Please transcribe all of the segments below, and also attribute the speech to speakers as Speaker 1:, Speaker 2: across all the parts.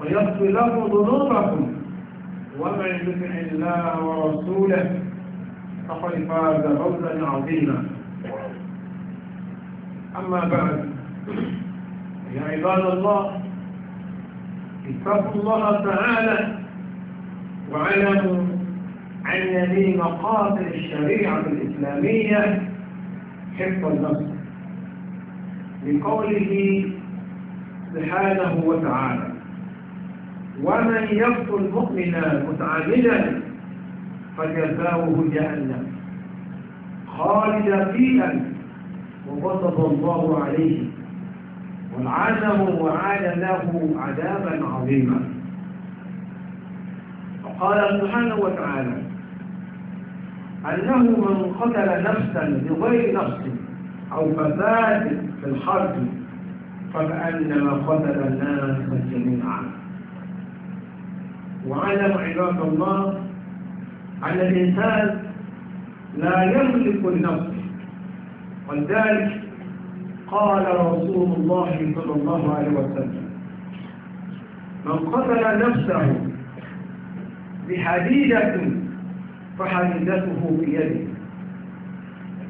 Speaker 1: ويغفر لكم ذنوبكم ومن يطع الله ورسوله فقد فاز فوزا عظيما اما بعد يا عباد الله اتقوا الله تعالى واعلموا ان من مقاصد الشريعه الاسلاميه حفظ النفس لقوله سبحانه وتعالى ومن يقتل مؤمنا متعمدا فجزاؤه جهنم خالدا فيها وغضب الله عليه والعالم وعاد له عذابا عظيما وقال سبحانه وتعالى أنه من قتل نفسا بغير نفس أو فساد في الحرب فكأنما قتل الناس جميعا واعلم عباد الله أن الإنسان لا يملك النفس ولذلك قال رسول الله صلى الله عليه وسلم من قتل نفسه بحديدة فحديدته بيده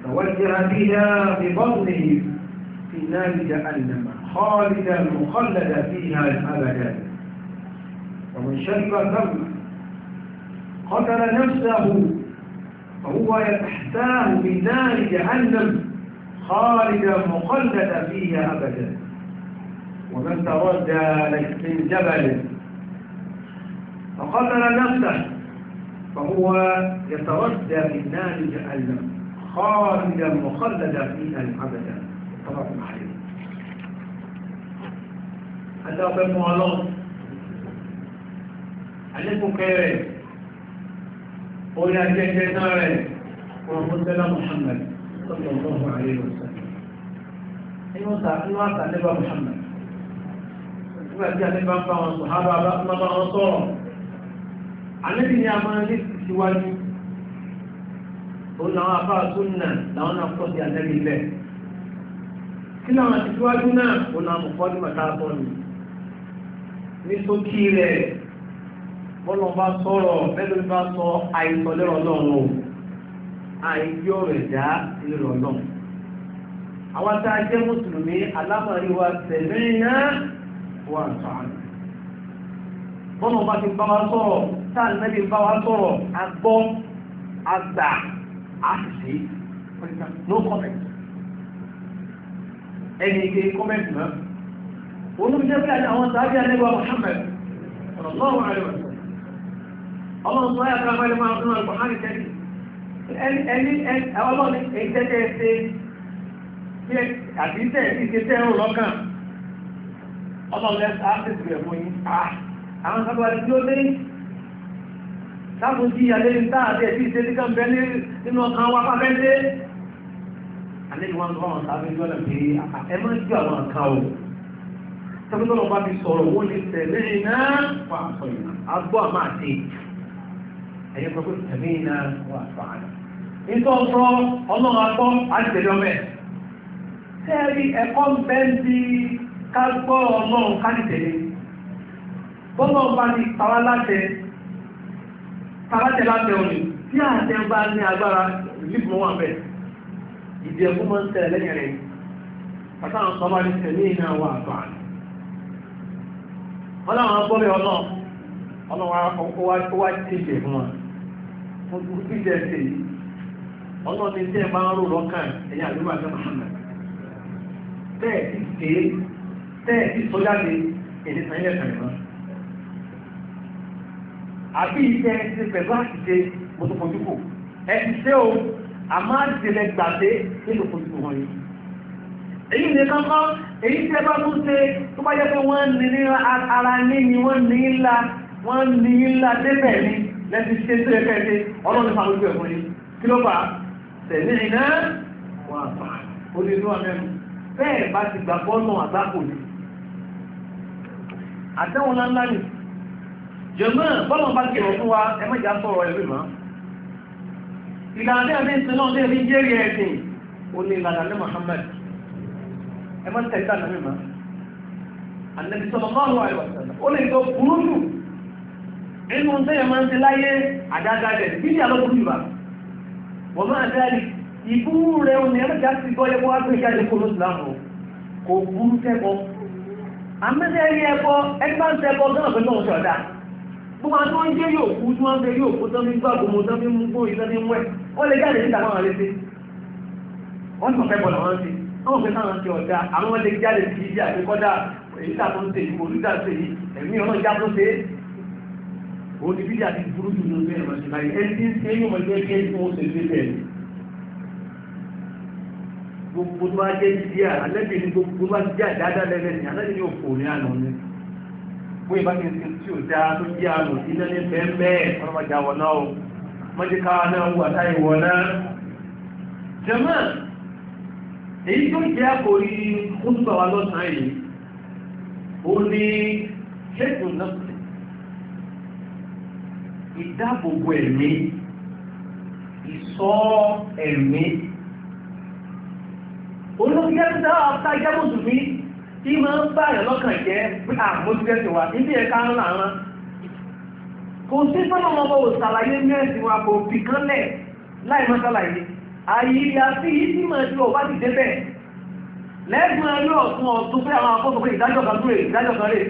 Speaker 1: توجه بها ببطنه في نار جهنم خالدا مخلدا فيها أبدا ومن شرب الخمر قتل نفسه فهو يتحتاه في نار جهنم خالدا مخلدا فيها أبدا ومن تردى من جبل فقتل نفسه فهو يتردى في النار جهنم خالدا مخلدا فيها أبدا متفق عليه. هذا هو àlékùnkẹ́ rẹ̀ orí ajẹ́jẹ́ náà rẹ̀ ọ̀rọ̀mọ́sẹ́lá Muhammad sallallahu alaihi wasallam inú àtàlẹ́bà Muhammad nígbà tí àlẹ́bà ń bá wọn sọ hábà bá bá wọn sọ̀rọ̀ àlẹ́bì ni a máa ní síwájú òun làwọn afá súnà làwọn náà pọ̀ sí àlẹ́bì bẹ́ẹ̀ kí làwọn àti síwájú náà òun làwọn mọ̀kọ́ ní màtá ní sókí rẹ̀ bọ́lọ̀ bá sọ̀rọ̀ mẹ́lòmí bá sọ àìsàn lẹ́rọ̀ ọlọ́run o àìyọ rẹ̀ dá lẹ́rọ̀ ọlọ́run àwọn tá a jẹ́ mùsùlùmí alámọ̀rí wa tẹ̀lé náà wà sàn. bọ́lọ̀ bá ti bá wa sọ̀rọ̀ táà nẹ́bí bá wa sọ̀rọ̀ agbọ́ agbà àṣìṣe no comment ẹni ike comment náà olùdíjẹ́ bí àwọn sáájú àlẹ́wà Muhammad ọ̀rọ̀ lọ́wọ́ àlẹ́wà ọlọ́run tó yàtọ̀ abẹ́lẹ̀ máa fún ọ̀pọ̀ hàn ìtẹ́lẹ̀ ẹni ọlọ́run ìtẹ́tẹ́ ṣe bí àti tẹ́ ìtẹ́tẹ́ ń lọ́kàn ọlọ́run lẹ́sà áfíìsì rẹ̀ fún yín àwọn sábà tí ó dé sábò sí ìyàlẹ́ ní táàdé tí ìṣe ní kàn bẹ́ẹ̀ nínú ọkàn wa bá bẹ́ẹ̀ dé àlejò wọn tó wọn sábẹ́ jọ́lẹ̀ pé ẹ máa ń fi sọ̀rọ̀ wọ́n lè tẹ̀lé iná fún àpọ̀ ìná àmà àti ìjọ ẹ̀yẹ́ pẹ̀lú tẹ̀mí iná wà fàánà ìtọ́ sọ ọlọ́run agbọ́ àtẹ̀lọ́mẹ̀ tẹ́ẹ̀rí ẹ̀kọ́ ń bẹ́ ń bí ká gbọ́ ọlọ́run kánìtẹ̀lé bọ́lọ̀ bá ní tàwa láṣẹ tàwátẹ̀ tí àṣẹ bá ní agbára ìlú wọn bẹ̀ ìdí ẹ̀kú máa ń tẹ̀lé lẹ́yìn rẹ̀ pàtàkì sọ bá ní tẹ̀mí iná wà fàánà ọlọ́run agbọ́ ọlọ́wọ́ wá tẹ̀lé fún wa mo dúró bí jẹ́ ṣe yìí ọlọ́run ní tẹ́ ẹ bá ń rò lọ́kàn ẹ̀yà àdúrà tó máa nà tẹ́ ẹ̀ ti ké tẹ́ ẹ̀ ti sọ́jáde èdè kan ilẹ̀ kan ìmọ̀ àbí iṣẹ́ ẹ ti pẹ̀lú àṣìṣe mo tó fojú kù ẹ ti ṣe o àmọ́ àṣìṣe gbàdé nínú fojú kù wọn yìí èyí ni kankan èyí tẹ́ bá tún ṣe tó bá yẹ pé wọ́n ní ara ní ni wọ́n ní ńlá wọ́n ní ńlá débẹ̀ ní lẹ́ti ṣe tó yẹ kẹ́ẹ̀ṣe ọlọ́run fà lójú ẹ̀fọn yìí kí ló fà tẹ̀lé iná wọn àgbà ó lè ló àmẹ́nu bẹ́ẹ̀ bá ti gbà bọ́ọ̀nù àgbákò ni àtẹ́wọn ńláńlá ni jẹ̀mọ́ bọ́ọ̀nù bá kẹ̀rọ fún wa ẹ mẹ́jà sọ̀rọ̀ ẹ̀rí mọ́ ìlànà àti ìsinmi náà ní jẹ́rìí ẹ̀sìn ó ní ìlànà ní Muhammad ẹ mọ́ tẹ̀síta nàmì mọ́ ànàbìsọ̀lọ́mọ́ àwọn àìwàsàn ó lè tó burú nínú tẹ́yẹ̀ máa ń ti láyé àdáadáa bí i àlọ́gbùn ìbá wọ́n máa dárí ìbú rẹ̀ òní ẹlẹ́jà ti gbọ́ ẹgbọ́ agbẹ́jáde kó lóṣìláàmù kò burú tẹ́kọ́ amẹ́sẹ̀rí ẹ̀kọ́ ẹgbà ń tẹ́kọ́ gánà pẹ̀lú ọ̀ṣọ́ ọ̀dá gbogbo àwọn tó ń jẹ́ yóò kú tí wọ́n ń fẹ́ yóò kú tán fi gbà gbogbo tán fi mú gbó ìtàn fi mú ẹ̀ ó lè jáde síta náà létí wọ́n tàn fẹ́ bọ̀ làwọn ti wọ́n fẹ́ sáwọn ti ọ̀dá àwọn lè jáde sí ibi àti kọ́dà èyí tà tó ń tè yìí olùdá tè yìí ẹ̀mí ọlọ́jà tó tè é òun ti bídí àti burú jù lórí ẹ̀rọ ṣe láyé ẹni tí ń ṣe yóò mọ̀ jẹ́ kí ẹni tí wọ́n ṣe lé bẹ́ẹ̀ gbogbo tó bá jẹ́ díẹ̀ alẹ́bí ni gbogbo tó bá jẹ́ àdáadáa lẹ́lẹ́ ni alẹ́bí ni òfò ní àná ni bó ibà kí n ṣe tí ò dá tó jẹ́ àná iná ní bẹ́ẹ̀ ọlọ́mọdé àwọn náà o mọ́jíká náà wù àtàyè wọ̀ náà jẹ́mọ́ èyí tó jẹ́ àkòrí kúndùbà wa lọ́sàn-án yìí ó ní ṣẹ́gun náà ìdáàbòbò ẹ̀mí ìsọ́ ẹ̀mí olóògbé dáadáa jábòsù mi tí máa ń bá rẹ̀ lọ́kàn jẹ́ pé àmójútẹ́sì wa níbi ẹ̀ka ńlá rán kò sí sọ́nà ọmọ òṣàlàyé mẹ́sì wa kò fi kánlẹ̀ láì máa ṣàlàyé ààyè àti yìí tí máa ṣe ọba ti débẹ̀ lẹ́gbọ̀n ẹlú ọ̀tún ọ̀tún pé àwọn akọ́kọ̀ọ́ ìdájọ́ kan tó rè ìdájọ́ kan rè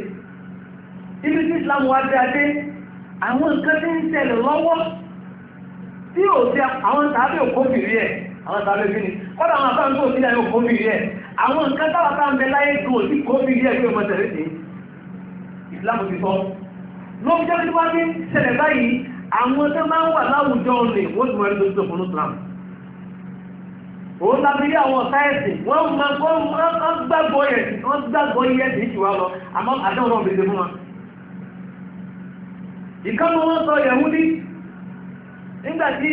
Speaker 1: ibi tí Islam wá dé adé àwọn nǹkan tí ń ṣẹlẹ̀ lọ́wọ́ tí ò sí àwọn tàbí òkóbìrí ẹ̀ àwọn tàbí bí ni kọ́dà àwọn àbá ń tó sílẹ̀ òkóbìrí ẹ̀ àwọn nǹkan tábà tá ń bẹ láyé tó sí kóbìrí ẹ̀ pé ọmọ tẹ̀lé sí ìsìlámù ti sọ ló fi jẹ́ wá ní ṣẹlẹ̀ báyìí àwọn tó máa ń wà láwùjọ rẹ̀ wọ́n ti mọ̀ ẹni tó ti sọ̀kùnú Islam òun lábí rí àwọn ọ̀tá ẹ̀sìn wọ́n gbàgbọ́ yẹ̀ sí wọ́n gbàgbọ́ yẹ̀ sí ìṣùwà lọ àmọ́ àdáwọn náà ìkánú wọ́n sọ yẹ̀húdí nígbàtí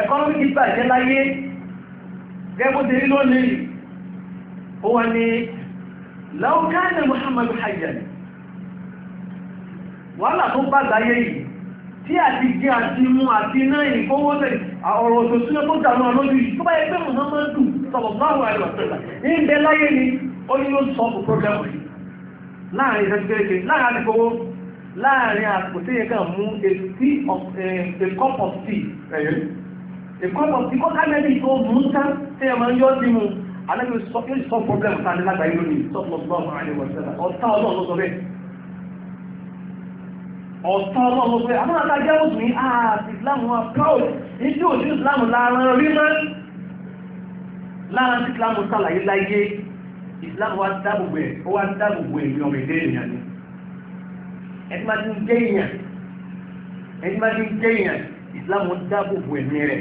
Speaker 1: ẹ̀kọ́nọ́mìkì bàjẹ́ láyé gẹ́gbóde nílò lèyìn ó ní láúkánà Muhammadu hajjan wàhálà tó bá láyé yìí tí àti jẹ́ àti mú àti náà ìkówọ́lẹ̀ ọ̀rọ̀ òṣòṣúná tó dànù ọlọ́jú yìí tó bá yẹ Muhammadu láàrin àpò tí yẹn kàn mú a tea of eh, a cup of tea a cup of tea kọ́ká mẹ́rin tó mú ká tí yẹn máa ń yọ́ sí mu alẹ́ yóò sọ problem ká ní lágbàáyé lónìí sọ́kùnrin ọ̀gbọ́n ọ̀tá ọlọ́run ló sọ bẹ́ẹ̀ ọ̀tọ́ ọlọ́gbogbo àwọn àtàjẹ́ òsùn ní ààtì ah, islam wọn proud ní tí òjú islam láàrín orí mọ́ láàrín tí islam sàlàyé láyé islam wá dábògbò ẹ̀ ó wá dábògbò ẹ̀ ní ọmọ ìdẹ́ ènìyàn ni ẹni máa ti ń jẹ́ èèyàn ẹni máa ti ń jẹ́ èèyàn ìsìláàmù dáàbò bò ẹ̀mí rẹ̀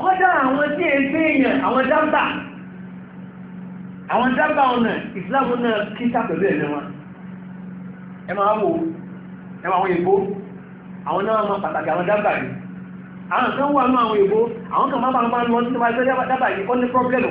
Speaker 1: kọ́dà àwọn tí èyí sí èèyàn àwọn dáńbà àwọn dáńbà ọ̀nà ìsìláàmù náà kíta pẹ̀lú ẹ̀mí wọn ẹ máa wò ẹ máa wọn ìbò àwọn náà máa pàtàkì àwọn dáńbà yìí àwọn kan wà ní àwọn ìbò àwọn kan máa bá wọn lọ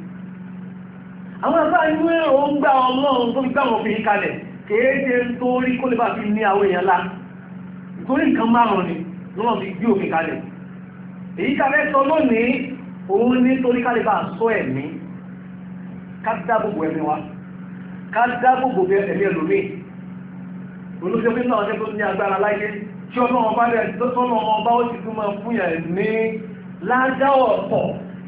Speaker 1: àwọn àbá inú ẹ̀rọ ń gbà ọlọ́run tó fi gbà wọn fi kalẹ̀ kéèké torí kó lè bá fi ní àwọn èèyàn lá torí nǹkan márùn-ún ni lọ́wọ́ fi gbé òfin kalẹ̀ èyí ká fẹ́ sọ lónìí òun ní torí ká lè bá sọ ẹ̀mí ká dáàbòbò ẹ̀mí wa ká dáàbòbò ẹ̀mí ẹlòmíì olóṣèlú pé náà ṣẹ́kọ̀ọ́ ní agbára láyé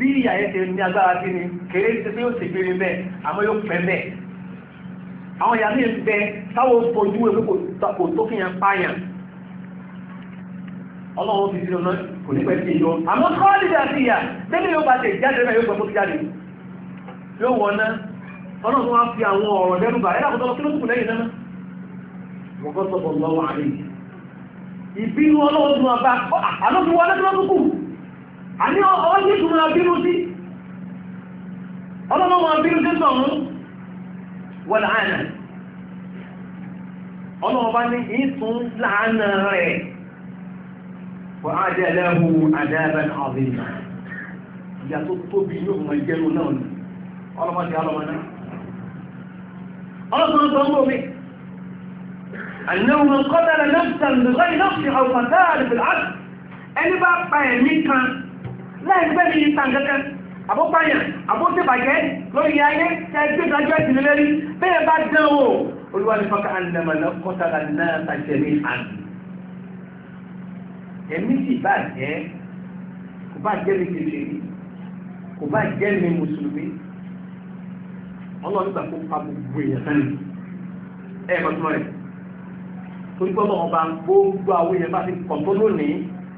Speaker 1: bí ìyà yẹn ṣe ní agbára bí ni kéré ti pé ó sì gbére bẹ́ẹ̀ àmọ́ yóò pẹ́ bẹ́ẹ̀ àwọn ìyá mi bẹ táwọn fojú ewé kò tó fi yẹn pààyàn ọlọ́run ti sínú náà kò ní pẹ́ sí yọ àmọ́ kọ́ọ̀lì àti ìyà tẹ́lẹ̀ yóò bá tẹ̀ jáde náà yóò pẹ́ kó jáde yóò wọ̀ náà ọlọ́run tó wá fi àwọn ọ̀rọ̀ lẹ́nu bà ẹ́ lákòótọ́ kí kù lẹ́yìn náà mọ̀kọ́ sọ̀tọ̀ àní ọwọ́ ní ìṣúná bínú sí ọlọ́mọ wọn bínú sí sọ̀rún wọ́n láàánà ọlọ́mọ bá ní ìtún láàánà rẹ̀ wọ́n á jẹ́ ẹlẹ́hu àdáyàbẹ̀ ọ̀bí ìyá tó tóbi yóò mọ ìjẹ́lu náà ni ọlọ́mọ ti ọlọ́mọ náà ọlọ́mọ tó ń bọ̀ mí أنه من أو قتال بالعدل أني بقى يمين كان láì gbé ní ìtàn kankan àbópáyàn àbótébàjẹ́ lórí ayé tẹ́ gbé dájọ́ ìsinmi lérí bẹ́ẹ̀ bá dán o olúwa ní fọ́nká àndàmọ̀lá kọ́tàlá náà tàjẹ́ ní àná ẹ̀mí sì bá jẹ́ kò bá jẹ́ ní kékeré kò bá jẹ́ ní mùsùlùmí ọlọ́run gbà kó pa gbogbo èèyàn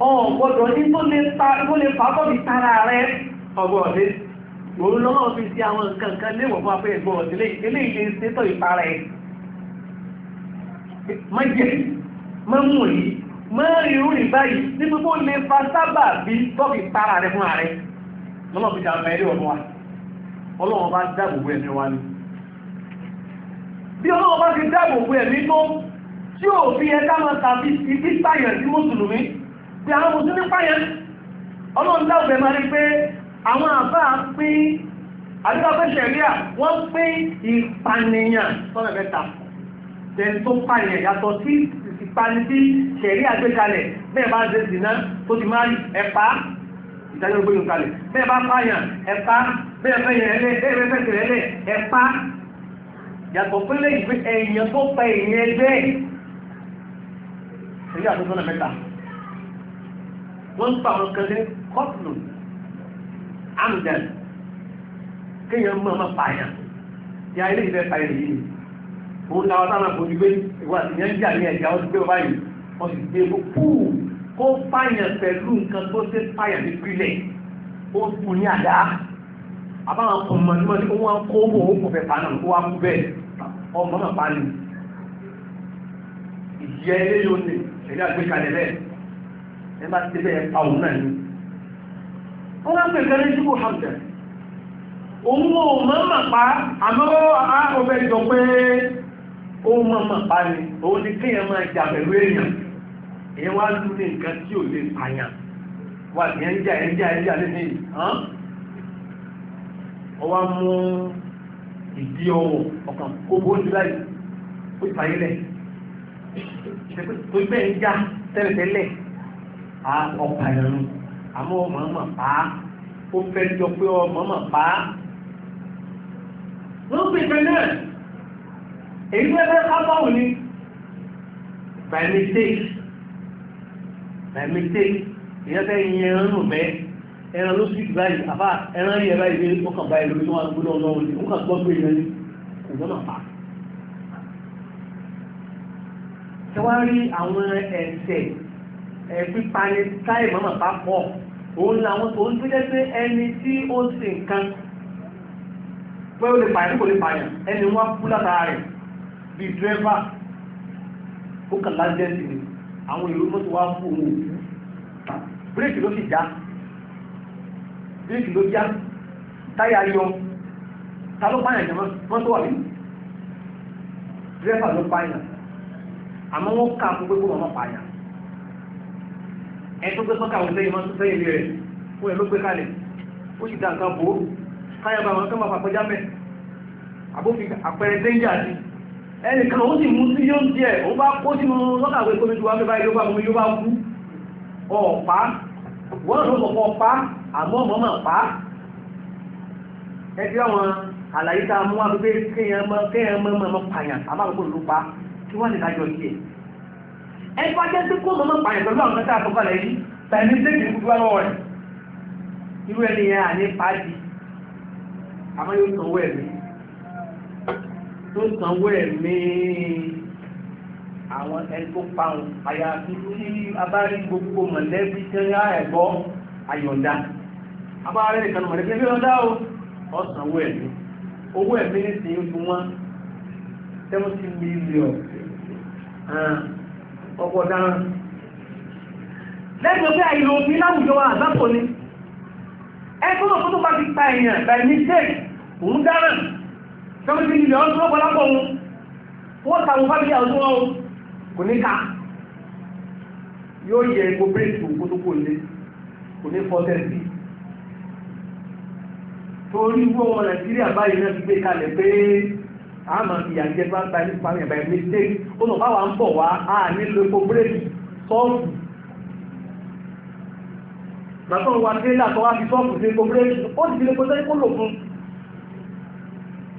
Speaker 1: ọ̀gbọ́dọ̀ ní tó lè fàábọ̀ ní tara rẹ ọgbọ̀dé òun lọ́wọ́ fi sí àwọn nǹkan kan léwọ̀ fún afẹ́ ẹ̀gbọ́n ọ̀dílé ilé ilé sétọ̀ ìpara ẹ̀ má jẹ́ má mú yìí má irú rí báyìí ní pípọ́ lè fa sábà bí tọ́kì tara rẹ fún ààrẹ lọ́wọ́ fi jàmbá ẹ̀rí ọ̀dún wa ọlọ́wọ́ bá dáàbò bo ni bí ọlọ́wọ́ bá ti dáàbò bo ẹ̀mí tó tí ò bí àwọn mùsùlùmí pààyàn ọlọ́run dáwọ̀bẹ̀ máa rí pé àwọn àbá pín àdúgbàfẹ́sẹ̀ rí à wọ́n pín ìpànìyàn sọ́nà mẹ́ta tẹni tó pààyàn yàtọ̀ sí ìpani tí ṣẹ̀rí àgbékalẹ̀ bẹ́ẹ̀ bá ṣe dìná tó ti máa ẹ̀pá ìdájọ́ gbé yóò kalẹ̀ bẹ́ẹ̀ bá pààyàn ẹ̀pá bẹ́ẹ̀ fẹ́yẹ̀ ẹ̀lẹ́ bẹ́ẹ̀ fẹ́sẹ̀ ẹ̀lẹ́ ẹ̀pá yàtọ̀ pínlẹ̀ ìgbé ẹ̀yàn tó pa èèyàn ẹgbẹ́ ṣẹ̀rí àtúntọ́nà mẹ́ta wọ́n ń pa àwọn kan ní kọ́tùnù amdan kéèyàn mú ọmọ pààyàn ya ilé ìfẹ́ pààyàn yìí òun làwọn táwọn àbójú gbé ìwà ìyẹn ń jà ní ẹ̀já ó ti gbé ọba yìí wọ́n sì gbé kó púù kó pààyàn pẹ̀lú nǹkan tó ṣe pààyàn ní pílẹ̀ ó kù ní àdá àbáwọn ọmọ ní wọ́n ti wọ́n kó owó kò fẹ́ pa náà kó wá kú bẹ́ẹ̀ ọmọ mọ̀ pa ni ìjẹ́ ilé yóò ní ẹ̀dá gbé kalẹ̀ bẹ́ẹ̀ ẹ bá ti bẹ́ẹ̀ pa òun náà ni wọ́n wá pè kẹ́lẹ́ sí kò òun ò mọ̀ mà pa àmọ́ àkọ́fẹ́ jọ pé òun mọ̀ mà pa ni òun ni kéèyàn máa jà pẹ̀lú èèyàn èèyàn wá ní nǹkan tí ò lè pààyàn wà ní lé ní mú ìdí ọwọ́ ọkàn kó bó láyé ó ti lẹ̀ tó ń já tẹ́lẹ̀tẹ́lẹ̀ a ọ̀pá ẹ̀rù àmọ́ ọmọ ọmọ pa á ó fẹ́ jọ pé ọmọ ọmọ pa á. wọ́n pè pé náà èyí tó ẹgbẹ́ kábàáwò ni by mistake by mistake ìyẹn fẹ́ yin ẹran nù mẹ́ ẹran ló sì dùn báyìí àbá ẹran yẹ báyìí ní ó kàn báyìí lórí wọn gbọ́dọ̀ Ọlọ́run ni ó kàn gbọ́ pé ìyẹn kò gbọ́dọ̀ pa á. ṣé àwọn ẹsẹ̀ pípa ni táì mọ́mọ́ bá pọ̀ òun làwọn tó ń gbé pé ẹni tí ó sì nǹkan pé ó lè pààyàn kò lè pààyàn ẹni wọ́n kú látara rẹ̀ bíi dírẹ́fà ó kàn lájẹ́sì ni àwọn èrò mọ́tò wá fún òun òkú ló já ló já táyà yọ ta ló jẹ́ wà ló àmọ́ wọ́n kà fún ẹni tó gbé sọ́kà àwọn sẹ́yìn máa ń sẹ́yìn rẹ̀ fún ẹ̀ ló gbé kalẹ̀ ó sì dá nǹkan bò ó káyàbá àwọn tó máa fà kọjá mẹ́ àbófin àpẹẹrẹ dẹ́njà sí ẹnì kan ó sì mú sí yóò díẹ̀ ó bá kó sínú sọ́kà àwọn èkó mi ju wá mẹ́fà yóò bá mú yóò bá kú ọ̀pá wọ́n ló sọ fún ọ̀pá àmọ́ ọmọ máa pa ẹgbẹ́ ẹgbẹ́ ajẹ́ tí kó mọ́mọ́ pààyàn pẹ̀lú àwọn mẹ́ta àtọ́kọ̀lẹ̀ yìí tàbí tẹ́kì kúrú lọ́wọ́ rẹ̀ irú ẹni yẹn àní pàájì àmọ́ yóò sanwó ẹ̀mí tó sanwó ẹ̀mí àwọn ẹni tó pa wọn àyàfi tí a bá rí gbogbo mọ̀lẹ́bí tí ń rá ẹ̀gbọ́ àyọ̀dá a bá rí ìkànnì mọ̀lẹ́bí ẹ̀mí ọ̀dá o ọ̀ sanwó ẹ̀mí owó ẹ̀mí ní ti ń fún wọn seventy million ọ̀pọ̀ ọ̀daràn lẹ́gbẹ̀ẹ́ pé àìlò òfin láwùjọ wa àzápò ni ẹgbẹ́ òfin tó bá ti pa èèyàn by mistake òun dáràn sọ́mọ́tí ilẹ̀ ọdún lọ́pọ̀lọpọ̀ wọn wọ́n tàbí fábílì àwọn wọn kò ní ká yóò yẹ epo bíríkì òkú tó kò lé kò ní fọ́tẹ́ sí torí wọ́n Nàìjíríà báyìí náà ti gbé kalẹ̀ pé àmọ́ ìyàjẹ́ bá ń ta ilé parí ẹ̀bá ẹ̀mí dé ó nà báwa ń bọ̀ wá a nílò epo búrẹ́dì sọ́ọ̀fù bàtọ́ wa tírélà tó wá fi sọ́ọ̀fù sí epo búrẹ́dì ó sì fi lè kó sẹ́yìn kó lò fún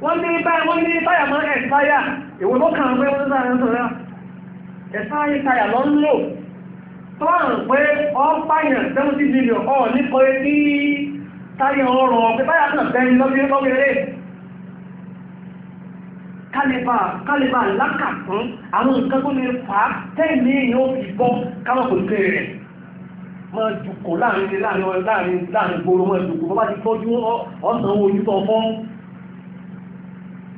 Speaker 1: wọ́n ní báyà wọ́n ní báyà mọ́ ẹ̀sáyà èwo ló kàn án pé wọ́n sáré ń sọ̀rọ̀ ẹ̀sáyà táyà lọ ń lò tọ́rùn pé ọ́pàyàn seventy million ọ̀ ní kọ́ etí táyà ọrọ̀ pé báyà kàn bẹ́ẹ̀ ni lọ́gbẹ̀rẹ́ kálíbà kálíbà lákàtún àwọn nǹkan tó lè fà á tẹ́ẹ̀mí èèyàn ó fi bọ́ káwọn kò tẹ́ rẹ̀ máa jùkọ̀ láàrin ilé láàrin láàrin gbòòrò máa jùkọ̀ bọ́ bá ti tọ́jú ọ̀sán owó ojú tọ́ fọ́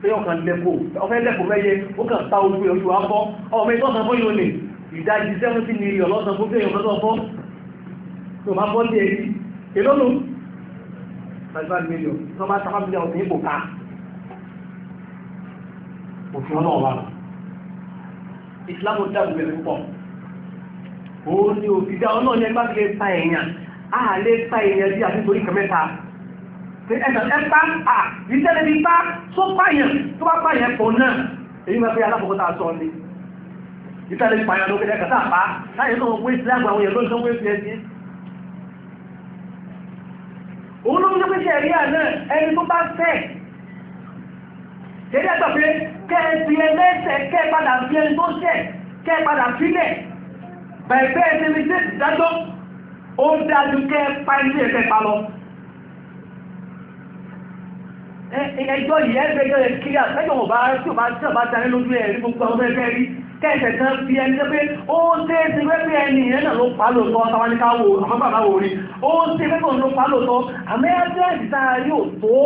Speaker 1: pé ọkàn lẹ́kọ̀ọ́ ọfẹ́ lẹ́kọ̀ọ́ mẹ́yẹ ó kàn ta ojú ẹ̀ ojú abọ́ ọmọ ẹgbẹ́ ọ̀sán fún ìrọ̀lẹ̀ ìdajì seventy million lọ́sàn fún bẹ́ẹ̀ ọ̀sán fọ́ tó máa bọ́ sí ẹ̀yìn èlónú five million tó máa ta five million ọ̀sán ìbò ká òfin ọlọ́run wa ìsìlámù dàbí rẹ̀ púpọ̀ òun ni òfin dá ọlọ́run ẹgbà lè pa èèyàn a lè pa èèyàn bí àti torí kẹmẹ́ta ẹ̀ẹ́dẹ̀ẹ́pá à ìtẹ́lẹ̀ bí bá tó pààyàn tó bá pààyàn pọ̀ náà èyí máa fi alákọ̀ọ́kọ́ta sọ ni ìtẹ́lẹ̀ pààyàn lókè ẹ̀kẹ́ta àpá láyé náà wọ́n wé ìsìlámù àwọn Jẹ́rí ẹgbà pé kẹ́ẹ̀bí ẹlẹ́sẹ̀ kẹ́ẹ̀padà fi ẹni tó ṣẹ̀ kẹ́ẹ̀padà sílẹ̀ bẹ̀ẹ̀bẹ́ ẹni ní ṣe ìdájọ́ ó dájú kẹ́ẹ̀pa ilé ẹ̀fẹ́ pa lọ. Ẹjọ́ yìí ẹgbẹ́ ẹjọ́ yẹn kiri àtẹ́jọ́ wọn bá tí ò bá tí ò bá darí lójú ẹ̀ rí gbogbo ọmọ ẹgbẹ́ rí kẹ́ẹ̀sẹ̀ kan fi ẹni tó pé ó ṣe é ti wẹ́pẹ́ ẹni ìyẹn náà ló pa lóòótọ́ táwọn ní ká wò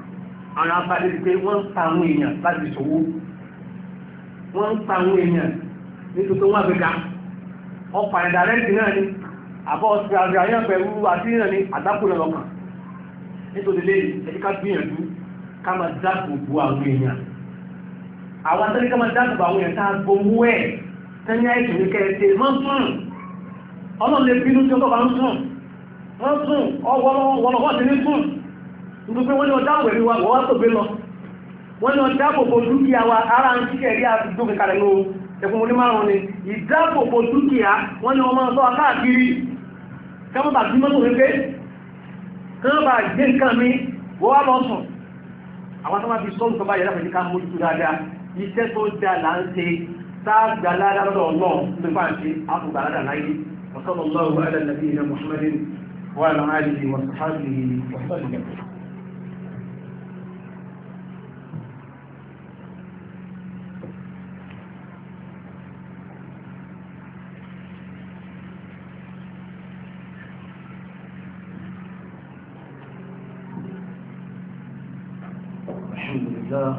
Speaker 1: àwọn abájẹ́ pé wọ́n ń pa àwọn èèyàn láti ṣòwò wọ́n ń pa àwọn èèyàn nítorí tó wọ́n àgbẹ̀ká ọ̀pá ìdàrẹ́ǹtì náà ni àbọ̀ ọ̀sẹ̀ àríyàn pẹ̀lú àti náà ni àdákùnrin lọ́kàn nítorí lè ẹ̀díká gbìyànjú ká máa dáàbò bo àwọn èèyàn àwọn atẹ́lẹ́ ká máa dáàbò bo àwọn èèyàn tá a ẹ̀ àìsàn ní wọ́n sùn ọlọ́run lè nítorí wọ́n ní ọjá pẹ̀lú wa wọ́n tó gbé lọ wọ́n ní ọjá pòpò dúkìá wa ara ń kíkẹ́ rí àdúgbò kẹkàrẹ̀ ló ẹkùn ní márùn ni ìdápòpò dúkìá wọ́n ní ọmọ ọ̀sọ́ káàkiri kẹ́mọ́bà bí mọ́tò wípé kẹ́mọ́bà gbé وصلى الله على نبينا محمد وعلى اله وصحبه وسلم الله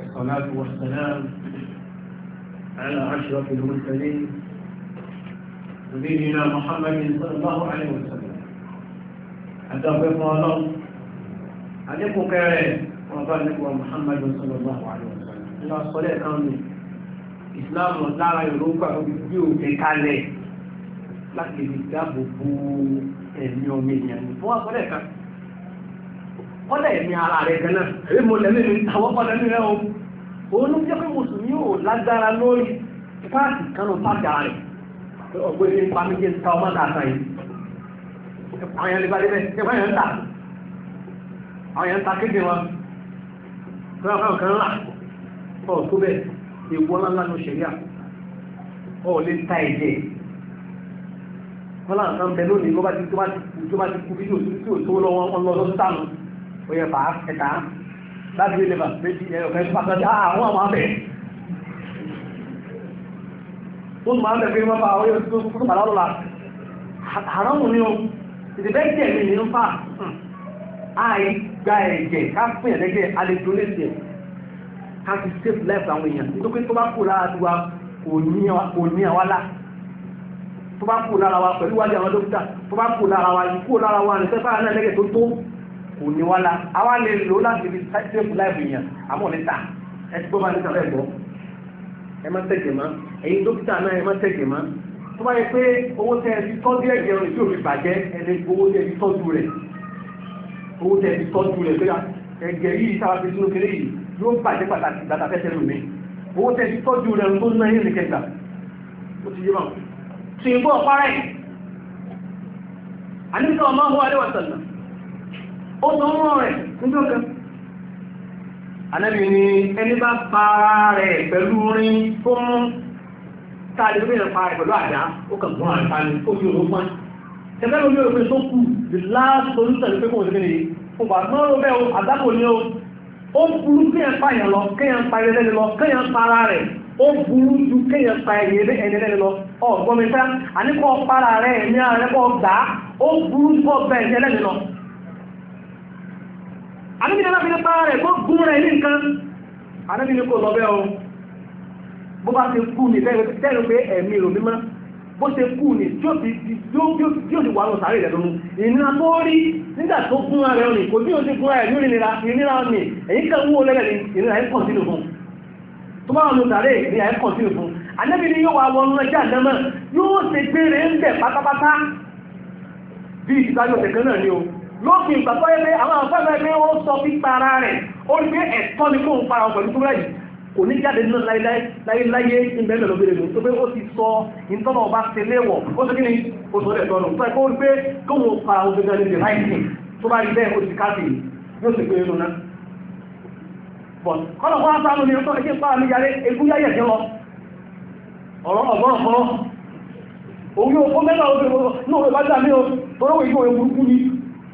Speaker 1: والصلاة والسلام على عشرة المرسلين نبينا محمد صلى الله عليه وسلم أتفق الله عليكم كريم وقال محمد صلى الله عليه وسلم الله صلاة آمين islam lára yorùbá orí bí òkè kalẹ̀ láti lè dáàbò bo ẹ̀mí ọmọ ènìyàn ní fún àpẹẹrẹ kan kọ́lá ẹ̀mí ara rẹ̀ gánà èyí mo lẹ́nu mi àwọn padà nílẹ̀ o òun ló jẹ́ pé mùsùlùmí ò lágbára lórí páàkì kanu páàkì ara rẹ̀ ọgbẹ́ ilé nípa méjì ń ta ọmọ dàtà yìí àwọn yẹn lè bá débẹ̀ ẹgbẹ́ yẹn ń ta àwọn yẹn ń ta kéde wọn tí wọ́n fẹ́ràn kan rà ọ̀ tó bẹ̀ èèwọ̀ ńláńlá ló ṣẹlẹ̀ ọ̀ lè ta ẹ̀jẹ̀ lọ́wọ́ ọlọ́dọ́ ó yẹ fàá ẹ̀ka láti ilé bàbá méjì ẹ̀rọ fẹ́ àwọn àwọn abẹ́ ó tún máa ń wọ́n fa ó tó bàlá lọ́la àrọ́mù ni ó ìdìbẹ́ jẹ̀ mi ní ń fà àì gba ẹ̀jẹ̀ ká fún ẹ̀lẹ́gbẹ̀ẹ́ àlejò lẹ́sẹ̀ ká fi save life àwọn èèyàn nítorí tó bá kù lára tiwa kò ní àwa lá tó bá kù lára wa pẹ̀lú wájú àwọn dókítà tó bá kù lára wa ikú lára wa nìkan fáwọn ẹlẹ́gẹ̀ẹ́ tó tó kò ní wá la àwa lè lò láti fi sẹ́ẹ̀fù láìpẹ́ yẹn àmọ́ níta ẹ ti gbọ́ bá níta bẹ́ẹ̀ gbọ́ ẹ má tẹ̀jẹ̀ mọ́ ẹ̀yin dókítà náà ẹ má tẹ̀jẹ̀ mọ́ tó bá yẹ pé owó tẹ́ ẹ fi tọ́jú ẹ̀jẹ̀ rẹ̀ tí ò fi bàjẹ́ ẹ lè owó tẹ́ ẹ fi tọ́jú rẹ̀ owó tẹ́ ẹ fi tọ́jú rẹ̀ pé ẹ̀jẹ̀ yìí sábà fi sínú kéré yìí yóò bàjẹ́ pàtàkì bàtà fẹ́ tẹ́lẹ̀ mi owó tẹ́ ẹ fi tọ́jú rẹ̀ ń tó ná yín nìkẹta ó ti yé báwọn. tìǹbù ọ̀pá àníkàn ọmọ ọmọ alẹ́ wà ó sọ mọ́ rẹ̀ níjọ́ kan anábì ni ẹni bá pa ara rẹ̀ pẹ̀lú orin tó mú táàdì tó bẹ̀rẹ̀ pa rẹ̀ pẹ̀lú àdá ó kàn gbọ́n àǹfà ni ó fi òun pọ́n ẹgbẹ́ ló ní òfin tó kù the last solution ló pé kó o ti nìyí kò bá mọ́ ló bẹ́ẹ̀ o àdábò ni o ó burú kéèyàn pa èèyàn lọ kéèyàn pa ẹyẹ lẹ́ni lọ kéèyàn pa ara rẹ̀ ó burú ju kéèyàn pa ẹyẹ lẹ́ni lọ ọ̀gbọ́n mi fẹ́ àníkọ́ para rẹ̀ ní ara rẹ̀ kọ́ gbà á ó burú kọ́ bẹ́ẹ̀ ẹyẹ lẹ́ni lọ anábìnrin alábìnrin pa rẹ̀ kó gún rẹ̀ ní nǹkan anábìnrin kò lọ́bẹ́ o bó bá ti kú ní tẹ́rù pé ẹ̀mí rò mímọ́ bó ṣe kú ní tí ó ti wà lọ sàárè rẹ̀ lónú ìnira tó rí nígbà tó gún rẹ̀ òní kò bí ó ti gún rẹ̀ ní ìnira ìnira òní lófin ìgbà tó yẹ pé àwọn afẹ́fẹ́ pé ó sọ pípa ara rẹ̀ ó rí pé ẹ̀tọ́ ni kóun para pẹ̀lú túbúrẹ́ yìí kò ní jáde nínú láyéláyé ìbẹ̀rẹ̀ lọ́bẹ̀rẹ̀ lò tó pé ó ti sọ ìtọ́nà ọba tẹléwọ̀ ó sì kí ni ó sọ rẹ̀ tọ́nà tó ẹ̀kọ́ pé kóun para ogun gan níbi láìsí tó bá rí bẹ́ẹ̀ ó ti káàkiri yóò sì pé inú náà bọ̀ kọ́nà kọ́ sáánú ni ọ̀tọ́ ẹ̀kẹ́ pàà ní yàrá egún yáyẹ̀ jẹ́ lọ ọ̀rọ̀ ọ̀gbọ́n ọ̀gbọ́n òun yóò kó mẹ́ta obìnrin náà ó o torọ́wọ̀ ìgbò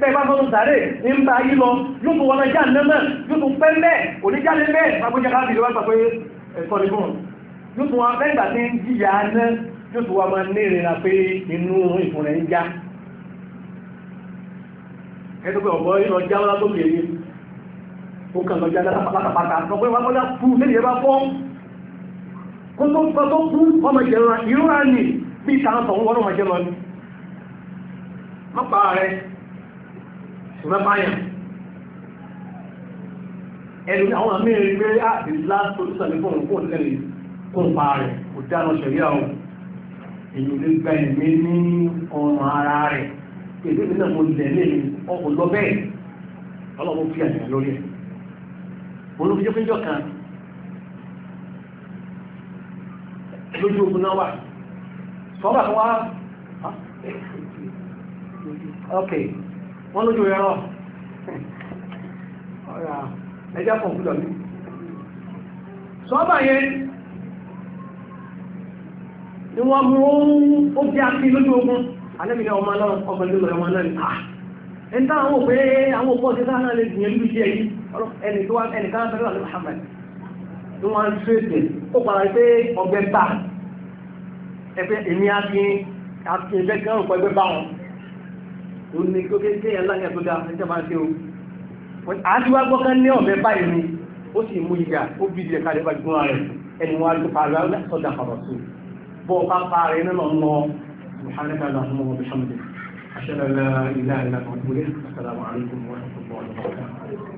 Speaker 1: tẹ́gbà fọ́nù ń bá yí lọ yóò tó wọlé jáde yóò tó pẹ́ mẹ́ oníjáde mẹ́ tó wọn ó kàn lọ já látàpátá sọ pé wọn kọ́ dá fún kó tó kú ọmọ ìjẹ̀rọ̀ ìrora nì bí ìtàn sọ̀rọ̀ wọn náà jẹ́ lọ ni. mọ́pàá rẹ̀ kò fẹ́ báyàn ẹni àwọn àmì rẹ̀ pé àbí láti oníṣàlẹ̀ fún òun kò tẹ́lẹ̀ kó ń pa rẹ̀ kò dáná ṣẹ̀yà o èyí lè gba ẹ̀mí ní ọrùn ara rẹ̀ èdè mi mo lẹ̀ lé ọkọ̀ lọ bẹ́ẹ̀ ọlọ́run fi àyàn lórí ẹ̀ olùfíjọ́fíjọ́ kan lójú ogun náà wà sọ́wọ́ àwọn wá ah, ok wọ́n lójú rẹ̀ rọ̀ ẹjá fún òkúdọ̀ ní sọ́bà ni wọ́n mú ó àti lójú ogun alẹ́mìnà ọmọ náà ọmọ ọmọ náà ní ah! ẹni táwọn òpé àwọn òpó ọjọ́ táwọn náà lè jìyàn lójú jẹ́ yìí ẹni káwọn tẹ́lẹ̀ wọ́n òun ni kó kéèké yẹn láyé tó dáa ẹjẹ́ máa ṣe o àti wá ní ọ̀bẹ báyìí ni ó sì mú ìgbà ó bí ìdílé kalẹ̀ bájú rẹ̀ ẹni wọn ló pàrọ̀ àwọn pàrọ̀ sí bọ́ ọ̀pá pààrẹ̀ iná lọ mọ́